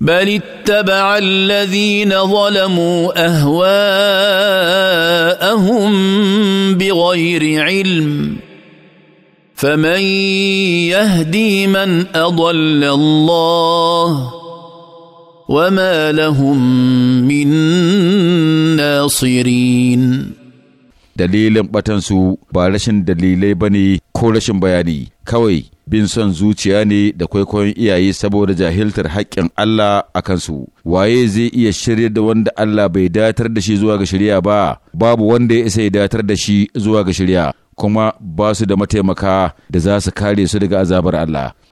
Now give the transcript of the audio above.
بل اتبع الذين ظلموا اهواءهم بغير علم فمن يهدي من اضل الله وما لهم من ناصرين dalilin batansu ba rashin dalilai ba ne ko rashin bayani kawai bin son zuciya ne da kwaikwayon iyaye saboda jahiltar haƙƙin Allah a kansu waye zai iya shirya da wanda Allah bai datar da shi zuwa ga shirya ba babu wanda ya isa ya datar da shi zuwa ga shirya kuma ba su da mataimaka da za su kare su daga azabar Allah